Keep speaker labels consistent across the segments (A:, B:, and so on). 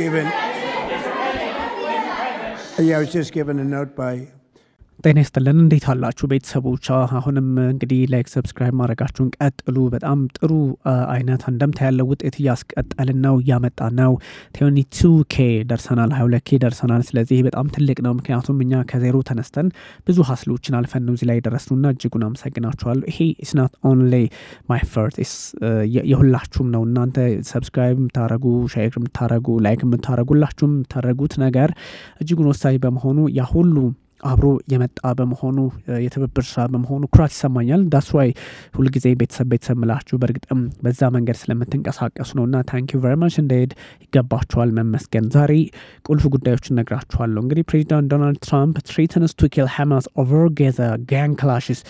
A: given. Yeah, I was just given a note by
B: ጤና ይስጥልን እንዴት አላችሁ ቤተሰቦች? አሁንም እንግዲህ ላይክ ሰብስክራይብ ማድረጋችሁን ቀጥሉ። በጣም ጥሩ አይነት አንደምታ ያለው ውጤት እያስቀጠልን ነው እያመጣ ነው። ቴኒ ኬ ደርሰናል፣ 22 ኬ ደርሰናል። ስለዚህ በጣም ትልቅ ነው። ምክንያቱም እኛ ከዜሮ ተነስተን ብዙ ሀስሎችን አልፈን ነው እዚህ ላይ ደረስኑና እጅጉን አመሰግናችኋለሁ። ይሄ ስናት ኦንሊ ማይ ፈርት የሁላችሁም ነው። እናንተ ሰብስክራይብ የምታደረጉ ሼር የምታደረጉ ላይክ የምታደረጉ ሁላችሁም የምታደረጉት ነገር እጅጉን ወሳኝ በመሆኑ ያሁሉ አብሮ የመጣ በመሆኑ የትብብር ስራ በመሆኑ ኩራት ይሰማኛል። ዳስዋይ ሁልጊዜ ቤተሰብ ቤተሰብ ምላችሁ በእርግጥም በዛ መንገድ ስለምትንቀሳቀሱ ነው እና ታንኪ ቨሪ ማች እንደሄድ ይገባችኋል መመስገን። ዛሬ ቁልፍ ጉዳዮችን ነግራችኋለሁ። እንግዲህ ፕሬዚዳንት ዶናልድ ትራምፕ ትሪትንስ ቱ ኪል ሃማስ ኦቨርጌዘ ጋን ክላሽስ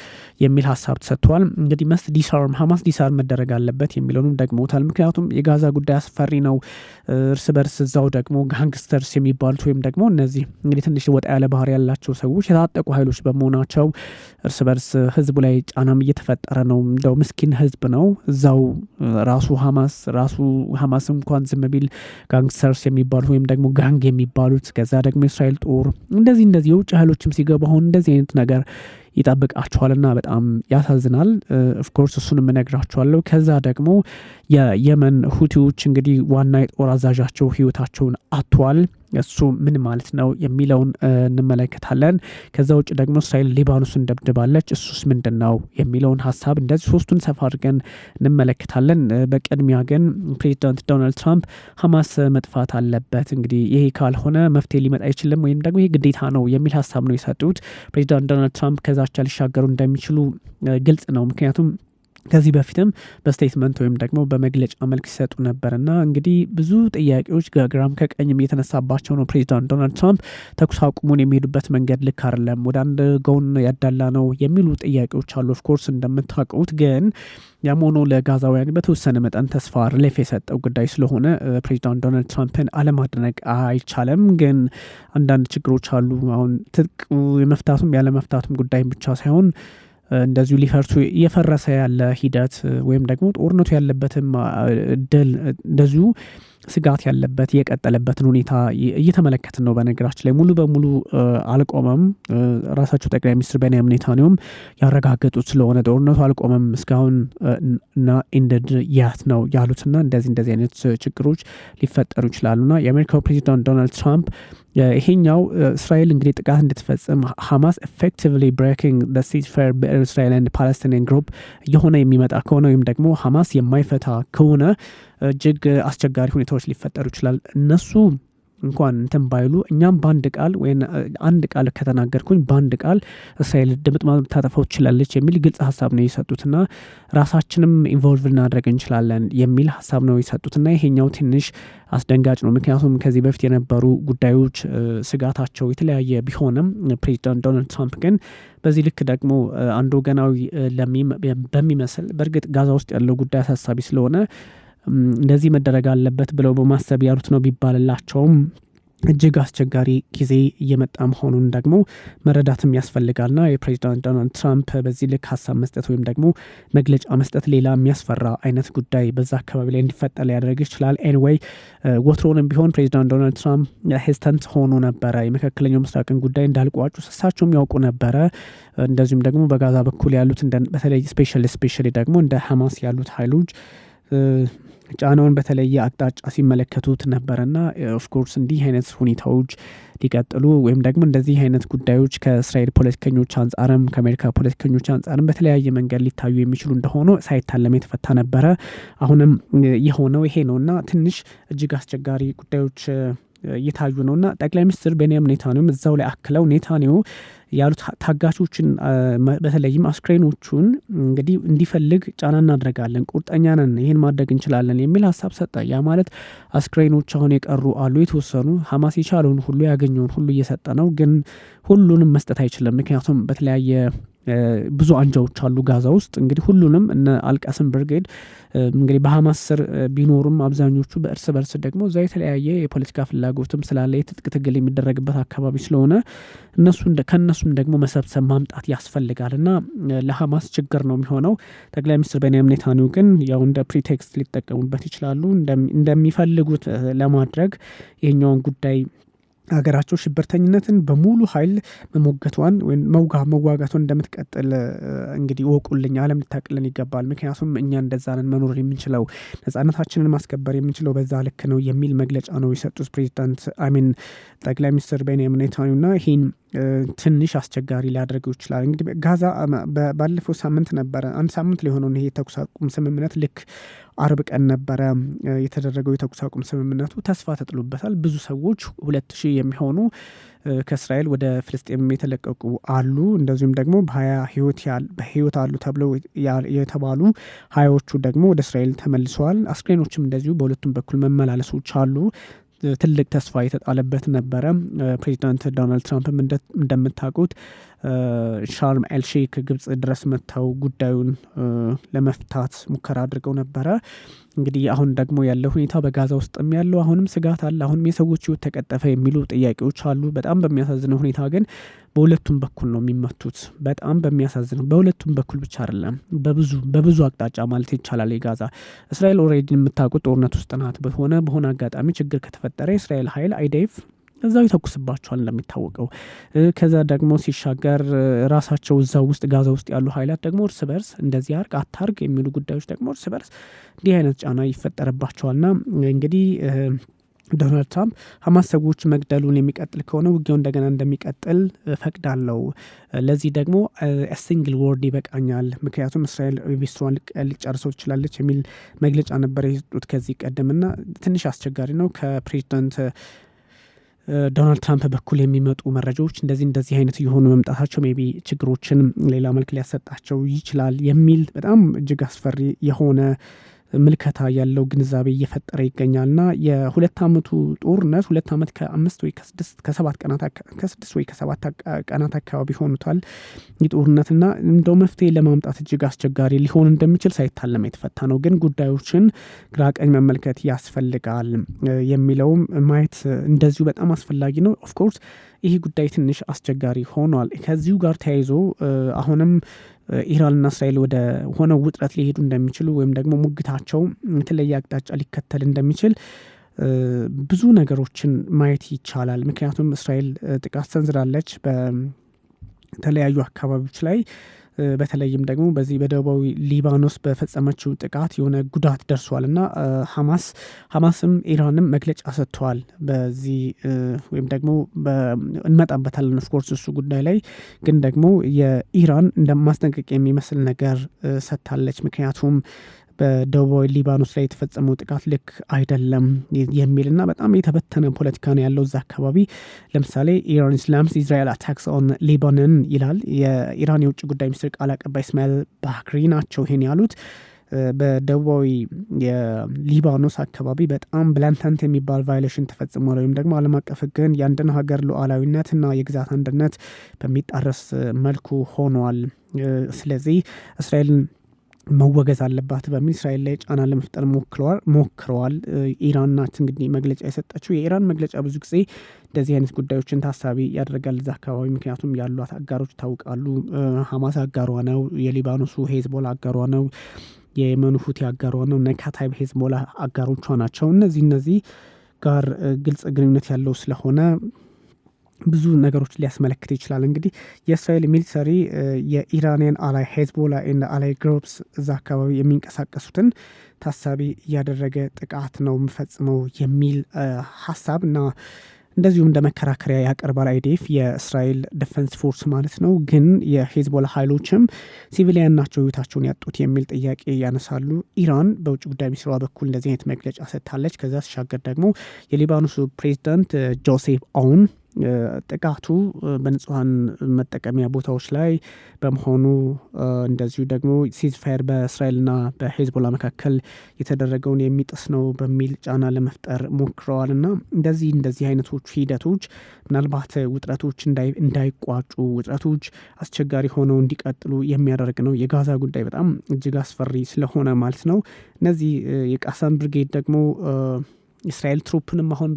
B: የሚል ሀሳብ ተሰጥተዋል። እንግዲህ መስ ዲሳርም ሃማስ ዲሳር መደረግ አለበት የሚለውንም ደግሞታል። ምክንያቱም የጋዛ ጉዳይ አስፈሪ ነው። እርስ በርስ እዛው ደግሞ ጋንግስተርስ የሚባሉት ወይም ደግሞ እነዚህ እንግዲህ ትንሽ ወጣ ያለ ባህሪ ያላቸው ሰዎች የታጠቁ ኃይሎች በመሆናቸው እርስ በርስ ህዝቡ ላይ ጫናም እየተፈጠረ ነው። እንደው ምስኪን ህዝብ ነው። እዛው ራሱ ሀማስ ራሱ ሀማስ እንኳን ዝም ቢል ጋንግስተርስ የሚባሉት ወይም ደግሞ ጋንግ የሚባሉት ከዛ ደግሞ የእስራኤል ጦር እንደዚህ እንደዚህ የውጭ ኃይሎችም ሲገቡ አሁን እንደዚህ አይነት ነገር ይጠብቃቸዋልና በጣም ያሳዝናል። ኦፍኮርስ እሱን የምነግራቸዋለሁ። ከዛ ደግሞ የየመን ሁቲዎች እንግዲህ ዋና የጦር አዛዣቸው ህይወታቸውን አጥተዋል። እሱ ምን ማለት ነው የሚለውን እንመለከታለን። ከዛ ውጭ ደግሞ እስራኤል ሊባኖስን ደብድባለች፣ እሱስ ምንድን ነው የሚለውን ሀሳብ እንደዚህ ሶስቱን ሰፋ አድርገን እንመለከታለን። በቅድሚያ ግን ፕሬዚዳንት ዶናልድ ትራምፕ ሀማስ መጥፋት አለበት፣ እንግዲህ ይሄ ካልሆነ መፍትሄ ሊመጣ አይችልም ወይም ደግሞ ይሄ ግዴታ ነው የሚል ሀሳብ ነው የሰጡት። ፕሬዚዳንት ዶናልድ ትራምፕ ከዛቻ ሊሻገሩ እንደሚችሉ ግልጽ ነው ምክንያቱም ከዚህ በፊትም በስቴትመንት ወይም ደግሞ በመግለጫ መልክ ሲሰጡ ነበርና እንግዲህ ብዙ ጥያቄዎች ከግራም ከቀኝም የተነሳባቸው ነው። ፕሬዚዳንት ዶናልድ ትራምፕ ተኩስ አቁሙን የሚሄዱበት መንገድ ልክ አይደለም፣ ወደ አንድ ጎን ያዳላ ነው የሚሉ ጥያቄዎች አሉ። ኦፍኮርስ እንደምታውቁት ግን ያም ሆኖ ለጋዛውያን በተወሰነ መጠን ተስፋ ርሌፍ የሰጠው ጉዳይ ስለሆነ ፕሬዚዳንት ዶናልድ ትራምፕን አለማድነቅ አይቻልም። ግን አንዳንድ ችግሮች አሉ። አሁን ትጥቅ የመፍታቱም ያለመፍታቱም ጉዳይ ብቻ ሳይሆን እንደዚሁ ሊፈርሱ እየፈረሰ ያለ ሂደት ወይም ደግሞ ጦርነቱ ያለበትም ድል እንደዚሁ ስጋት ያለበት የቀጠለበትን ሁኔታ እየተመለከትን ነው። በነገራችን ላይ ሙሉ በሙሉ አልቆመም። ራሳቸው ጠቅላይ ሚኒስትር ቤንያሚን ኔታንያሁም ያረጋገጡት ስለሆነ ጦርነቱ አልቆመም እስካሁን እና ኢንደድ ያት ነው ያሉትና እንደዚህ እንደዚህ አይነት ችግሮች ሊፈጠሩ ይችላሉና የአሜሪካው ፕሬዚዳንት ዶናልድ ትራምፕ ይሄኛው እስራኤል እንግዲህ ጥቃት እንድትፈጽም ሀማስ ኤፌክቲቭሊ ብሬኪንግ ሲዝ ፋየር በእስራኤል ፓለስቲኒያን ግሩፕ እየሆነ የሚመጣ ከሆነ ወይም ደግሞ ሀማስ የማይፈታ ከሆነ እጅግ አስቸጋሪ ሁኔታዎች ሊፈጠሩ ይችላል። እነሱ እንኳን እንትን ባይሉ እኛም በአንድ ቃል ወይም አንድ ቃል ከተናገርኩኝ በአንድ ቃል እስራኤል ድምጥ ታጠፋው ትችላለች የሚል ግልጽ ሀሳብ ነው የሰጡትና ራሳችንም ኢንቮልቭ ልናደረግ እንችላለን የሚል ሀሳብ ነው የሰጡትና ይሄኛው ትንሽ አስደንጋጭ ነው። ምክንያቱም ከዚህ በፊት የነበሩ ጉዳዮች ስጋታቸው የተለያየ ቢሆንም ፕሬዚዳንት ዶናልድ ትራምፕ ግን በዚህ ልክ ደግሞ አንድ ወገናዊ በሚመስል በእርግጥ ጋዛ ውስጥ ያለው ጉዳይ አሳሳቢ ስለሆነ እንደዚህ መደረግ አለበት ብለው በማሰብ ያሉት ነው ቢባልላቸውም እጅግ አስቸጋሪ ጊዜ እየመጣ መሆኑን ደግሞ መረዳትም ያስፈልጋልና የፕሬዚዳንት ዶናልድ ትራምፕ በዚህ ልክ ሀሳብ መስጠት ወይም ደግሞ መግለጫ መስጠት ሌላ የሚያስፈራ አይነት ጉዳይ በዛ አካባቢ ላይ እንዲፈጠር ሊያደርግ ይችላል። ኤንወይ ወትሮንም ቢሆን ፕሬዚዳንት ዶናልድ ትራምፕ ሄስተንት ሆኖ ነበረ። የመካከለኛው ምስራቅን ጉዳይ እንዳልቋጩ እሳቸውም ያውቁ ነበረ። እንደዚሁም ደግሞ በጋዛ በኩል ያሉት በተለይ ስፔሻሊ ስፔሻሊ ደግሞ እንደ ሀማስ ያሉት ሀይሎች ጫናውን በተለየ አቅጣጫ ሲመለከቱት ነበረና ኦፍኮርስ እንዲህ አይነት ሁኔታዎች ሊቀጥሉ ወይም ደግሞ እንደዚህ አይነት ጉዳዮች ከእስራኤል ፖለቲከኞች አንጻርም ከአሜሪካ ፖለቲከኞች አንጻርም በተለያየ መንገድ ሊታዩ የሚችሉ እንደሆኑ ሳይታለም የተፈታ ነበረ። አሁንም የሆነው ይሄ ነው እና ትንሽ እጅግ አስቸጋሪ ጉዳዮች እየታዩ ነው እና ጠቅላይ ሚኒስትር ቤንያም ኔታንያሁም እዛው ላይ አክለው ኔታንያሁ ያሉት ታጋቾችን በተለይም አስክሬኖቹን እንግዲህ እንዲፈልግ ጫና እናደርጋለን ቁርጠኛ ነን፣ ይህን ማድረግ እንችላለን የሚል ሀሳብ ሰጠ። ያ ማለት አስክሬኖች አሁን የቀሩ አሉ፣ የተወሰኑ ሀማስ የቻለውን ሁሉ ያገኘውን ሁሉ እየሰጠ ነው፣ ግን ሁሉንም መስጠት አይችልም። ምክንያቱም በተለያየ ብዙ አንጃዎች አሉ ጋዛ ውስጥ እንግዲህ ሁሉንም እነ አልቃስም ብርጌድ እንግዲህ በሀማስ ስር ቢኖሩም አብዛኞቹ በእርስ በርስ ደግሞ እዛ የተለያየ የፖለቲካ ፍላጎትም ስላለ የትጥቅ ትግል የሚደረግበት አካባቢ ስለሆነ እነሱ ከእነሱም ደግሞ መሰብሰብ ማምጣት ያስፈልጋል እና ለሀማስ ችግር ነው የሚሆነው። ጠቅላይ ሚኒስትር ቤንያም ኔታኒው ግን ያው እንደ ፕሪቴክስት ሊጠቀሙበት ይችላሉ እንደሚፈልጉት ለማድረግ ይህኛውን ጉዳይ ሀገራቸው ሽብርተኝነትን በሙሉ ኃይል መሞገቷን ወይም መውጋ መዋጋቷን እንደምትቀጥል እንግዲህ ወቁልኝ፣ አለም ልታቅልን ይገባል። ምክንያቱም እኛ እንደዛንን መኖር የምንችለው ነጻነታችንን ማስከበር የምንችለው በዛ ልክ ነው የሚል መግለጫ ነው የሰጡት ፕሬዚዳንት አሚን ጠቅላይ ሚኒስትር ቤንያሚን ና ይህን ትንሽ አስቸጋሪ ሊያደርገው ይችላል። እንግዲህ ጋዛ ባለፈው ሳምንት ነበረ አንድ ሳምንት ሊሆነውን ይሄ የተኩስ አቁም ስምምነት ልክ አርብ ቀን ነበረ የተደረገው የተኩስ አቁም ስምምነቱ ተስፋ ተጥሎበታል። ብዙ ሰዎች ሁለት ሺህ የሚሆኑ ከእስራኤል ወደ ፍልስጤም የተለቀቁ አሉ። እንደዚሁም ደግሞ በሀያ ህይወት አሉ ተብለው የተባሉ ሀያዎቹ ደግሞ ወደ እስራኤል ተመልሰዋል። አስክሬኖችም እንደዚሁ በሁለቱም በኩል መመላለሶች አሉ። ትልቅ ተስፋ የተጣለበት ነበረ። ፕሬዚዳንት ዶናልድ ትራምፕም እንደምታውቁት ሻርም ኤልሼክ ግብጽ ድረስ መጥተው ጉዳዩን ለመፍታት ሙከራ አድርገው ነበረ። እንግዲህ አሁን ደግሞ ያለው ሁኔታ በጋዛ ውስጥም ያለው አሁንም ስጋት አለ። አሁንም የሰዎች ህይወት ተቀጠፈ የሚሉ ጥያቄዎች አሉ። በጣም በሚያሳዝነው ሁኔታ ግን በሁለቱም በኩል ነው የሚመቱት። በጣም በሚያሳዝነው በሁለቱም በኩል ብቻ አይደለም፣ በብዙ በብዙ አቅጣጫ ማለት ይቻላል። የጋዛ እስራኤል ኦሬዲ የምታውቁት ጦርነት ውስጥ ናት። በሆነ በሆነ አጋጣሚ ችግር ከተፈጠረ የእስራኤል ኃይል አይደይፍ እዛው ይተኩስባቸዋል እንደሚታወቀው። ከዛ ደግሞ ሲሻገር ራሳቸው እዛው ውስጥ ጋዛ ውስጥ ያሉ ኃይላት ደግሞ እርስ በርስ እንደዚህ አርግ አታርግ የሚሉ ጉዳዮች ደግሞ እርስ በርስ እንዲህ አይነት ጫና ይፈጠርባቸዋልና እንግዲህ ዶናልድ ትራምፕ ሀማስ ሰዎች መግደሉን የሚቀጥል ከሆነ ውጊያው እንደገና እንደሚቀጥል ፈቅዳለው። ለዚህ ደግሞ ሲንግል ወርድ ይበቃኛል፣ ምክንያቱም እስራኤል ቤስትሯን ልጨርሰው ትችላለች የሚል መግለጫ ነበር የሰጡት ከዚህ ቀደምና ትንሽ አስቸጋሪ ነው ከፕሬዚዳንት ዶናልድ ትራምፕ በኩል የሚመጡ መረጃዎች እንደዚህ እንደዚህ አይነት የሆኑ መምጣታቸው ቢ ችግሮችን ሌላ መልክ ሊያሰጣቸው ይችላል የሚል በጣም እጅግ አስፈሪ የሆነ ምልከታ ያለው ግንዛቤ እየፈጠረ ና የሁለት ዓመቱ ጦርነት ሁለት ዓመት ከአምስት ወይ ከስድስት ከሰባት ቀናት ከስድስት ወይ ከሰባት ቀናት አካባቢ ሆኑታል። ና እንደው መፍትሄ ለማምጣት እጅግ አስቸጋሪ ሊሆን እንደሚችል ሳይታለም የተፈታ ነው። ግን ጉዳዮችን ግራ ቀኝ መመልከት ያስፈልጋል የሚለውም ማየት እንደዚሁ በጣም አስፈላጊ ነው። ኦፍኮርስ ይህ ጉዳይ ትንሽ አስቸጋሪ ሆኗል። ከዚሁ ጋር ተያይዞ አሁንም ኢራንና እስራኤል ወደ ሆነው ውጥረት ሊሄዱ እንደሚችሉ ወይም ደግሞ ሙግታቸው የተለየ አቅጣጫ ሊከተል እንደሚችል ብዙ ነገሮችን ማየት ይቻላል። ምክንያቱም እስራኤል ጥቃት ሰንዝራለች በተለያዩ አካባቢዎች ላይ በተለይም ደግሞ በዚህ በደቡባዊ ሊባኖስ በፈጸመችው ጥቃት የሆነ ጉዳት ደርሷል እና ሀማስ ሀማስም ኢራንም መግለጫ ሰጥተዋል። በዚህ ወይም ደግሞ እንመጣበታለን ኦፍኮርስ እሱ ጉዳይ ላይ ግን ደግሞ የኢራን እንደ ማስጠንቀቂያ የሚመስል ነገር ሰጥታለች። ምክንያቱም በደቡባዊ ሊባኖስ ላይ የተፈጸመው ጥቃት ልክ አይደለም የሚልና በጣም የተበተነ ፖለቲካ ነው ያለው እዛ አካባቢ። ለምሳሌ ኢራን ስላምስ እስራኤል አታክስ ኦን ሊባኖን ይላል። የኢራን የውጭ ጉዳይ ሚኒስትር ቃል አቀባይ እስማኤል ባክሪ ናቸው ይሄን ያሉት። በደቡባዊ የሊባኖስ አካባቢ በጣም ብላንታንት የሚባል ቫይሌሽን ተፈጽሟል ወይም ደግሞ ዓለም አቀፍ ሕግን የአንድን ሀገር ሉዓላዊነት እና የግዛት አንድነት በሚጣረስ መልኩ ሆኗል። ስለዚህ እስራኤልን መወገዝ አለባት በሚል እስራኤል ላይ ጫና ለመፍጠር ሞክረዋል። ኢራን ናት እንግዲህ መግለጫ የሰጠችው። የኢራን መግለጫ ብዙ ጊዜ እንደዚህ አይነት ጉዳዮችን ታሳቢ ያደርጋል እዛ አካባቢ። ምክንያቱም ያሏት አጋሮች ታውቃሉ። ሀማስ አጋሯ ነው፣ የሊባኖሱ ሄዝቦላ አጋሯ ነው፣ የየመኑ ሁቲ አጋሯ ነው፣ ነካታይብ ሄዝቦላ አጋሮቿ ናቸው። እነዚህ እነዚህ ጋር ግልጽ ግንኙነት ያለው ስለሆነ ብዙ ነገሮች ሊያስመለክት ይችላል። እንግዲህ የእስራኤል ሚሊተሪ የኢራንያን አላይ ሄዝቦላ እና አላይ ግሮፕስ እዛ አካባቢ የሚንቀሳቀሱትን ታሳቢ እያደረገ ጥቃት ነው የምፈጽመው የሚል ሀሳብ እና እንደዚሁም እንደ መከራከሪያ ያቀርባል አይዲፍ የእስራኤል ዲፌንስ ፎርስ ማለት ነው። ግን የሄዝቦላ ኃይሎችም ሲቪሊያን ናቸው ህይወታቸውን ያጡት የሚል ጥያቄ ያነሳሉ። ኢራን በውጭ ጉዳይ ሚኒስትሯ በኩል እንደዚህ አይነት መግለጫ ሰጥታለች። ከዛ ተሻገር ደግሞ የሊባኖሱ ፕሬዚዳንት ጆሴፍ አውን ጥቃቱ በንጹሐን መጠቀሚያ ቦታዎች ላይ በመሆኑ እንደዚሁ ደግሞ ሲዝፋየር በእስራኤልና በሄዝቦላ መካከል የተደረገውን የሚጥስ ነው በሚል ጫና ለመፍጠር ሞክረዋል እና እንደዚህ እንደዚህ አይነቶቹ ሂደቶች ምናልባት ውጥረቶች እንዳይቋጩ ውጥረቶች አስቸጋሪ ሆነው እንዲቀጥሉ የሚያደርግ ነው። የጋዛ ጉዳይ በጣም እጅግ አስፈሪ ስለሆነ ማለት ነው። እነዚህ የቃሳን ብርጌድ ደግሞ እስራኤል ትሩፕንም አሁን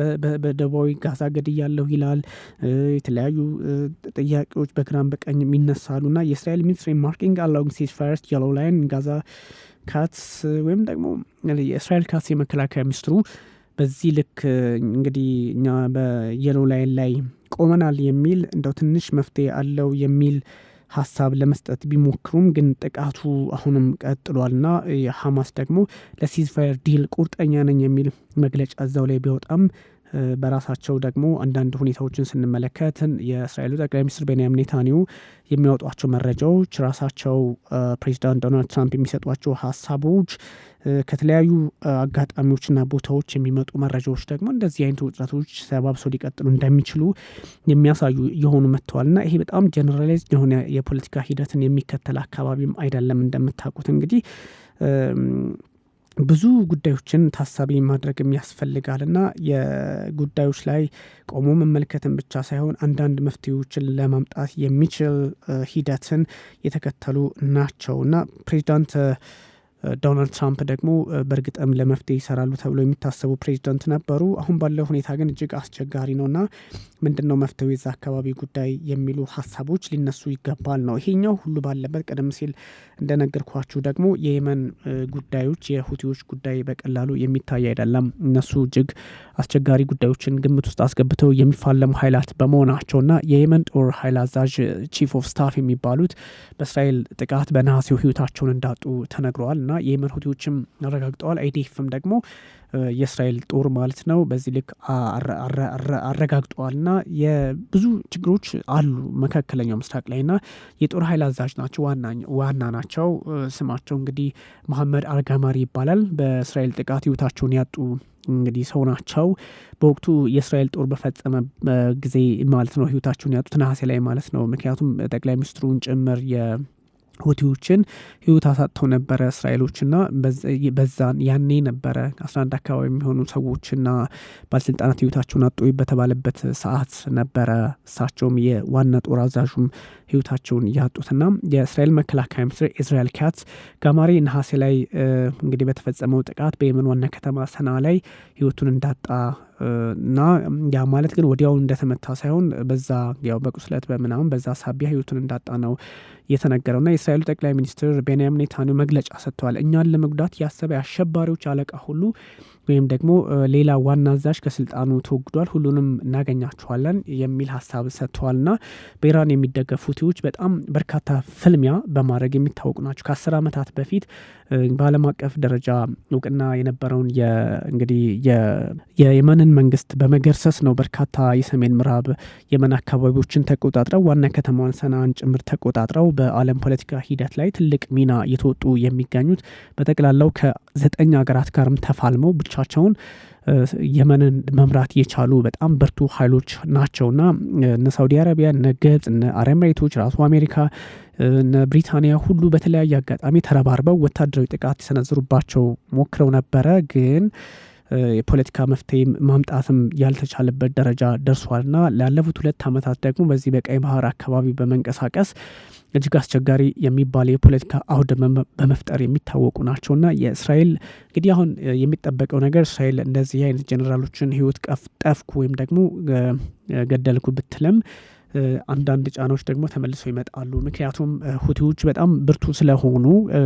B: በደቡባዊ ጋዛ ገድያለሁ ይላል። የተለያዩ ጥያቄዎች በግራም በቀኝ የሚነሳሉ እና የእስራኤል ሚኒስትሪ ማርኪንግ አላውንግ ሴስ ፋርስ ላይን ጋዛ ካትስ ወይም ደግሞ የእስራኤል ካትስ የመከላከያ ሚኒስትሩ በዚህ ልክ እንግዲህ እኛ በየሎ ላይን ላይ ቆመናል የሚል እንደው ትንሽ መፍትሄ አለው የሚል ሀሳብ ለመስጠት ቢሞክሩም ግን ጥቃቱ አሁንም ቀጥሏልና ሐማስ ደግሞ ለሲዝፋየር ዲል ቁርጠኛ ነኝ የሚል መግለጫ እዛው ላይ ቢወጣም በራሳቸው ደግሞ አንዳንድ ሁኔታዎችን ስንመለከት የእስራኤሉ ጠቅላይ ሚኒስትር ቤንያም ኔታኒው የሚያወጧቸው መረጃዎች ራሳቸው ፕሬዚዳንት ዶናልድ ትራምፕ የሚሰጧቸው ሀሳቦች ከተለያዩ አጋጣሚዎችና ቦታዎች የሚመጡ መረጃዎች ደግሞ እንደዚህ አይነት ውጥረቶች ሰባብሰው ሊቀጥሉ እንደሚችሉ የሚያሳዩ የሆኑ መጥተዋልና ይሄ በጣም ጀነራላይዝ የሆነ የፖለቲካ ሂደትን የሚከተል አካባቢም አይደለም እንደምታውቁት እንግዲህ ብዙ ጉዳዮችን ታሳቢ ማድረግም ያስፈልጋል እና የጉዳዮች ላይ ቆሞ መመልከትን ብቻ ሳይሆን አንዳንድ መፍትሄዎችን ለማምጣት የሚችል ሂደትን የተከተሉ ናቸው እና ፕሬዚዳንት ዶናልድ ትራምፕ ደግሞ በእርግጥም ለመፍትሄ ይሰራሉ ተብሎ የሚታሰቡ ፕሬዚደንት ነበሩ። አሁን ባለው ሁኔታ ግን እጅግ አስቸጋሪ ና ምንድን ነው መፍትሄው የዛ አካባቢ ጉዳይ የሚሉ ሀሳቦች ሊነሱ ይገባል ነው። ይሄኛው ሁሉ ባለበት ቀደም ሲል እንደነገርኳችሁ ደግሞ የየመን ጉዳዮች የሁቲዎች ጉዳይ በቀላሉ የሚታይ አይደለም። እነሱ እጅግ አስቸጋሪ ጉዳዮችን ግምት ውስጥ አስገብተው የሚፋለሙ ኃይላት በመሆናቸውና የየመን ጦር ኃይል አዛዥ ቺፍ ኦፍ ስታፍ የሚባሉት በእስራኤል ጥቃት በነሐሴው ህይወታቸውን እንዳጡ ተነግረዋል እና የየመን ሁቲዎችም አረጋግጠዋል። አይዲኤፍም ደግሞ የእስራኤል ጦር ማለት ነው። በዚህ ልክ አረጋግጠዋል እና የብዙ ችግሮች አሉ መካከለኛው ምስራቅ ላይ እና የጦር ኃይል አዛዥ ናቸው፣ ዋና ናቸው። ስማቸው እንግዲህ መሐመድ አርጋማሪ ይባላል። በእስራኤል ጥቃት ህይወታቸውን ያጡ እንግዲህ ሰው ናቸው። በወቅቱ የእስራኤል ጦር በፈጸመ ጊዜ ማለት ነው ህይወታቸውን ያጡት ነሐሴ ላይ ማለት ነው። ምክንያቱም ጠቅላይ ሚኒስትሩን ጭምር ሁቲዎችን ህይወት አሳጥተው ነበረ እስራኤሎችና በዛን ያኔ ነበረ አስራ አካባቢ የሚሆኑ ሰዎችና ባለስልጣናት ህይወታቸውን አጡ በተባለበት ሰዓት ነበረ እሳቸውም የዋና ጦር አዛዥም ህይወታቸውን ያጡትና የእስራኤል መከላከያ ምስር እስራኤል ካት ጋማሪ ነሐሴ ላይ እንግዲህ በተፈጸመው ጥቃት በየመን ዋና ከተማ ሰና ላይ ህይወቱን እንዳጣ እና ያ ማለት ግን ወዲያውን እንደተመታ ሳይሆን በዛ ያው በቁስለት በምናምን በዛ ሳቢያ ህይወቱን እንዳጣ ነው ና የእስራኤሉ ጠቅላይ ሚኒስትር ቤንያም ኔታንያሁ መግለጫ ሰጥተዋል። እኛን ለመጉዳት ያሰበ አሸባሪዎች አለቃ ሁሉ ወይም ደግሞ ሌላ ዋና አዛዥ ከስልጣኑ ተወግዷል፣ ሁሉንም እናገኛቸዋለን የሚል ሀሳብ ሰጥተዋል። ና በኢራን የሚደገፉ ሁቲዎች በጣም በርካታ ፍልሚያ በማድረግ የሚታወቁ ናቸው። ከአስር ዓመታት በፊት በአለም አቀፍ ደረጃ እውቅና የነበረውን እንግዲህ የየመንን መንግስት በመገርሰስ ነው በርካታ የሰሜን ምዕራብ የመን አካባቢዎችን ተቆጣጥረው ዋና ከተማዋን ሰናን ጭምር ተቆጣጥረው በአለም ፖለቲካ ሂደት ላይ ትልቅ ሚና እየተወጡ የሚገኙት በጠቅላላው ከዘጠኝ ሀገራት ጋርም ተፋልመው ኃይሎቻቸውን የመንን መምራት የቻሉ በጣም ብርቱ ኃይሎች ናቸውና እነ ሳውዲ አረቢያ፣ እነ ግብጽ፣ እነ አረብ ራሱ አሜሪካ፣ እነ ብሪታንያ ሁሉ በተለያየ አጋጣሚ ተረባርበው ወታደራዊ ጥቃት የሰነዝሩባቸው ሞክረው ነበረ ግን የፖለቲካ መፍትሄም ማምጣትም ያልተቻለበት ደረጃ ና ላለፉት ሁለት ዓመታት ደግሞ በዚህ በቀይ ባህር አካባቢ በመንቀሳቀስ እጅግ አስቸጋሪ የሚባል የፖለቲካ አውድ በመፍጠር የሚታወቁ ና የእስራኤል እንግዲህ አሁን የሚጠበቀው ነገር እስራኤል እንደዚህ አይነት ጀኔራሎችን ህይወት ጠፍኩ ወይም ደግሞ ገደልኩ ብትልም አንዳንድ ጫናዎች ደግሞ ተመልሰው ይመጣሉ። ምክንያቱም ሁቲዎች በጣም ብርቱ ስለሆኑ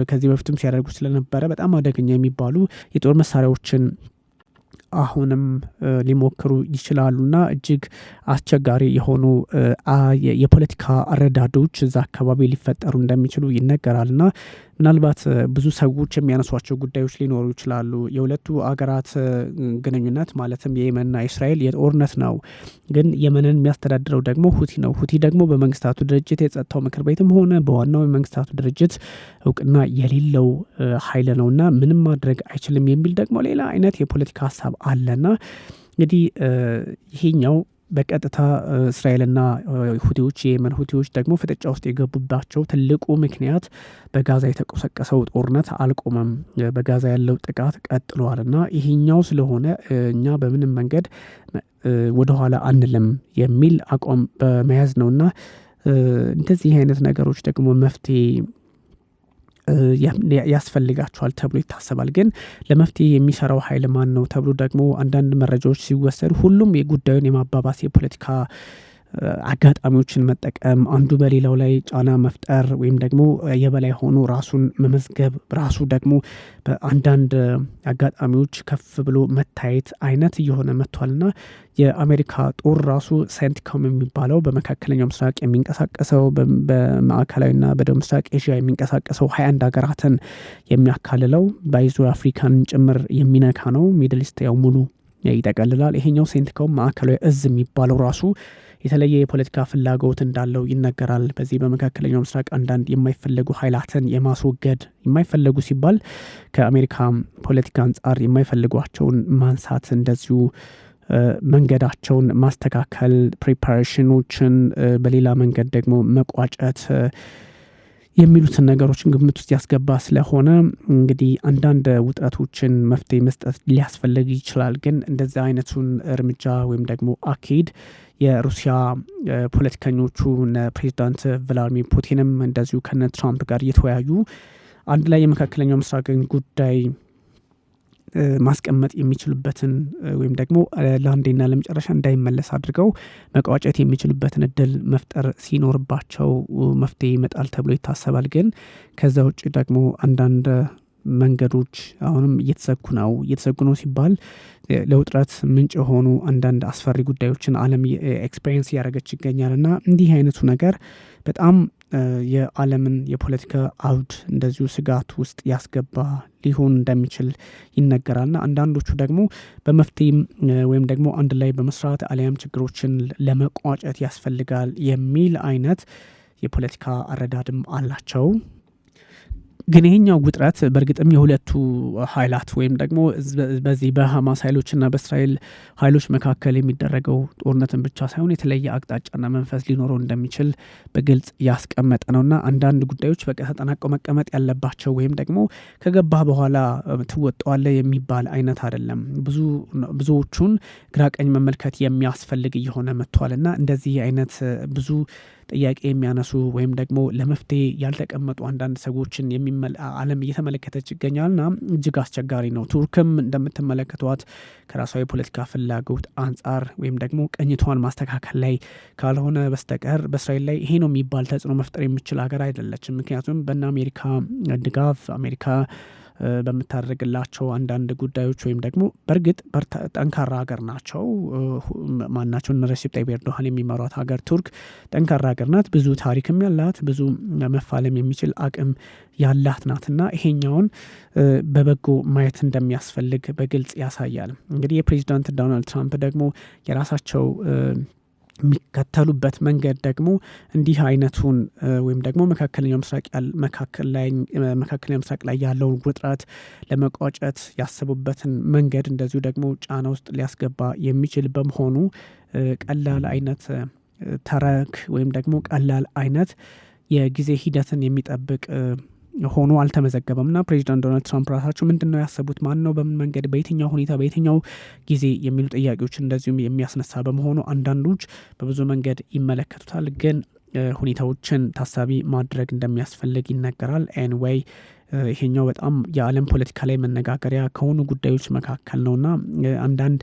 B: ከዚህ በፊትም ሲያደርጉ ስለነበረ በጣም አደገኛ የሚባሉ የጦር መሳሪያዎችን አሁንም ሊሞክሩ ይችላሉና እጅግ አስቸጋሪ የሆኑ የፖለቲካ ረዳዶች እዛ አካባቢ ሊፈጠሩ እንደሚችሉ ይነገራልና ምናልባት ብዙ ሰዎች የሚያነሷቸው ጉዳዮች ሊኖሩ ይችላሉ። የሁለቱ አገራት ግንኙነት ማለትም የየመንና እስራኤል የጦርነት ነው። ግን የመንን የሚያስተዳድረው ደግሞ ሁቲ ነው። ሁቲ ደግሞ በመንግስታቱ ድርጅት የጸጥታው ምክር ቤትም ሆነ በዋናው የመንግስታቱ ድርጅት እውቅና የሌለው ኃይል እና ምንም ማድረግ አይችልም የሚል ደግሞ ሌላ አይነት የፖለቲካ ሀሳብ አለና እንግዲህ ይሄኛው በቀጥታ እስራኤልና ሁቲዎች የየመን ሁቲዎች ደግሞ ፍጥጫ ውስጥ የገቡባቸው ትልቁ ምክንያት በጋዛ የተቆሰቀሰው ጦርነት አልቆመም፣ በጋዛ ያለው ጥቃት ቀጥሏል እና ይሄኛው ስለሆነ እኛ በምንም መንገድ ወደኋላ አንልም የሚል አቋም በመያዝ እና እንደዚህ አይነት ነገሮች ደግሞ መፍትሄ ያስፈልጋቸዋል ተብሎ ይታሰባል። ግን ለመፍትሄ የሚሰራው ኃይል ማን ነው ተብሎ ደግሞ አንዳንድ መረጃዎች ሲወሰድ ሁሉም የጉዳዩን የማባባስ የፖለቲካ አጋጣሚዎችን መጠቀም አንዱ በሌላው ላይ ጫና መፍጠር ወይም ደግሞ የበላይ ሆኖ ራሱን መመዝገብ ራሱ ደግሞ በአንዳንድ አጋጣሚዎች ከፍ ብሎ መታየት አይነት እየሆነ ና የአሜሪካ ጦር ራሱ ሴንቲኮም የሚባለው በመካከለኛው ምስራቅ የሚንቀሳቀሰው በማዕከላዊና በደቡብ ምስራቅ ኤዥያ የሚንቀሳቀሰው ሀያ አንድ ሀገራትን የሚያካልለው በይዞ አፍሪካን ጭምር የሚነካ ነው። ሚድል ያው ሙሉ ይጠቀልላል። ይሄኛው ሴንትኮም ማዕከላዊ እዝ የሚባለው ራሱ የተለየ የፖለቲካ ፍላጎት እንዳለው ይነገራል። በዚህ በመካከለኛው ምስራቅ አንዳንድ የማይፈለጉ ኃይላትን የማስወገድ የማይፈለጉ ሲባል ከአሜሪካ ፖለቲካ አንጻር የማይፈልጓቸውን ማንሳት እንደዚሁ መንገዳቸውን ማስተካከል፣ ፕሪፓሬሽኖችን በሌላ መንገድ ደግሞ መቋጨት የሚሉትን ነገሮችን ግምት ውስጥ ያስገባ ስለሆነ እንግዲህ አንዳንድ ውጥረቶችን መፍትሄ መስጠት ሊያስፈልግ ይችላል። ግን እንደዚህ አይነቱን እርምጃ ወይም ደግሞ አካሄድ የሩሲያ ፖለቲከኞቹ እነ ፕሬዚዳንት ቭላድሚር ፑቲንም እንደዚሁ ከነ ትራምፕ ጋር እየተወያዩ አንድ ላይ የመካከለኛው ምስራቅን ጉዳይ ማስቀመጥ የሚችሉበትን ወይም ደግሞ ለአንዴና ለመጨረሻ እንዳይመለስ አድርገው መቋጨት የሚችሉበትን እድል መፍጠር ሲኖርባቸው መፍትሄ ይመጣል ተብሎ ይታሰባል። ግን ከዛ ውጭ ደግሞ አንዳንድ መንገዶች አሁንም እየተሰኩ ነው። እየተሰኩ ነው ሲባል ለውጥረት ምንጭ የሆኑ አንዳንድ አስፈሪ ጉዳዮችን አለም ኤክስፔሪንስ እያደረገች ይገኛል እና እንዲህ አይነቱ ነገር በጣም የዓለምን የፖለቲካ አውድ እንደዚሁ ስጋት ውስጥ ያስገባ ሊሆን እንደሚችል ይነገራልና አንዳንዶቹ ደግሞ በመፍትሄም ወይም ደግሞ አንድ ላይ በመስራት አሊያም ችግሮችን ለመቋጨት ያስፈልጋል የሚል አይነት የፖለቲካ አረዳድም አላቸው። ግን ይሄኛው ውጥረት በእርግጥም የሁለቱ ኃይላት ወይም ደግሞ በዚህ በሐማስ ኃይሎችና በእስራኤል ኃይሎች መካከል የሚደረገው ጦርነትን ብቻ ሳይሆን የተለየ አቅጣጫና መንፈስ ሊኖረው እንደሚችል በግልጽ ያስቀመጠ ነውና አንዳንድ ጉዳዮች በቃ ተጠናቀው መቀመጥ ያለባቸው ወይም ደግሞ ከገባ በኋላ ትወጠዋለ የሚባል አይነት አይደለም። ብዙ ብዙዎቹን ግራቀኝ መመልከት የሚያስፈልግ እየሆነ መጥቷልና እንደዚህ አይነት ብዙ ጥያቄ የሚያነሱ ወይም ደግሞ ለመፍትሄ ያልተቀመጡ አንዳንድ ሰዎችን አለም እየተመለከተች ና እጅግ አስቸጋሪ ነው። ቱርክም እንደምትመለከቷት ከራሷ የፖለቲካ ፍላጎት አንጻር ወይም ደግሞ ቀኝቷን ማስተካከል ላይ ካልሆነ በስተቀር በእስራኤል ላይ ይሄ ነው የሚባል ተጽዕኖ መፍጠር የምችል ሀገር አይደለችም። ምክንያቱም በና አሜሪካ ድጋፍ አሜሪካ በምታደርግላቸው አንዳንድ ጉዳዮች ወይም ደግሞ በእርግጥ ጠንካራ ሀገር ናቸው። ማናቸውን ረሲብ ጣይብ ኤርዶሃን የሚመሯት ሀገር ቱርክ ጠንካራ ሀገር ናት። ብዙ ታሪክም ያላት ብዙ መፋለም የሚችል አቅም ያላት ናትና ይሄኛውን በበጎ ማየት እንደሚያስፈልግ በግልጽ ያሳያል። እንግዲህ የፕሬዚዳንት ዶናልድ ትራምፕ ደግሞ የራሳቸው የሚከተሉበት መንገድ ደግሞ እንዲህ አይነቱን ወይም ደግሞ መካከለኛው ምስራቅ ምስራቅ ላይ ያለውን ውጥረት ለመቋጨት ያሰቡበትን መንገድ እንደዚሁ ደግሞ ጫና ውስጥ ሊያስገባ የሚችል በመሆኑ ቀላል አይነት ተረክ ወይም ደግሞ ቀላል አይነት የጊዜ ሂደትን የሚጠብቅ ሆኖ አልተመዘገበም ና ፕሬዚዳንት ዶናልድ ትራምፕ ራሳቸው ምንድን ነው ያሰቡት? ማን ነው በምን መንገድ በየትኛው ሁኔታ በየትኛው ጊዜ የሚሉ ጥያቄዎች እንደዚሁም የሚያስነሳ በመሆኑ አንዳንዶች በብዙ መንገድ ይመለከቱታል ግን ሁኔታዎችን ታሳቢ ማድረግ እንደሚያስፈልግ ይነገራል። ኤንዌይ ይሄኛው በጣም የዓለም ፖለቲካ ላይ መነጋገሪያ ከሆኑ ጉዳዮች መካከል ነውና አንዳንድ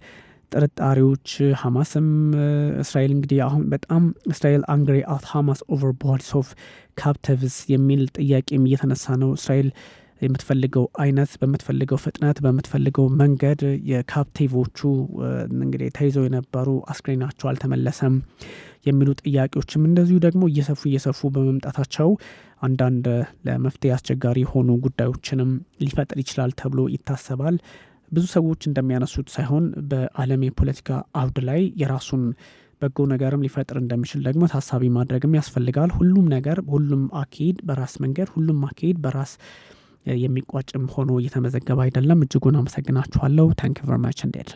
B: ጥርጣሬዎች ሐማስም እስራኤል እንግዲህ አሁን በጣም እስራኤል አንግሪ አት ሐማስ ኦቨር ቦዲስ ኦፍ ካፕቲቭስ የሚል ጥያቄም እየተነሳ ነው። እስራኤል የምትፈልገው አይነት በምትፈልገው ፍጥነት በምትፈልገው መንገድ የካፕቲቮቹ እንግዲህ ተይዘው የነበሩ አስክሬናቸው አልተመለሰም የሚሉ ጥያቄዎችም እንደዚሁ ደግሞ እየሰፉ እየሰፉ በመምጣታቸው አንዳንድ ለመፍትሄ አስቸጋሪ የሆኑ ጉዳዮችንም ሊፈጥር ይችላል ተብሎ ይታሰባል። ብዙ ሰዎች እንደሚያነሱት ሳይሆን በአለም የፖለቲካ አውድ ላይ የራሱን በጎ ነገርም ሊፈጥር እንደሚችል ደግሞ ታሳቢ ማድረግም ያስፈልጋል። ሁሉም ነገር ሁሉም አካሄድ በራስ መንገድ ሁሉም አካሄድ በራስ የሚቋጭም ሆኖ እየተመዘገበ አይደለም። እጅጉን አመሰግናችኋለሁ። ታንክ ቨር እንዴድ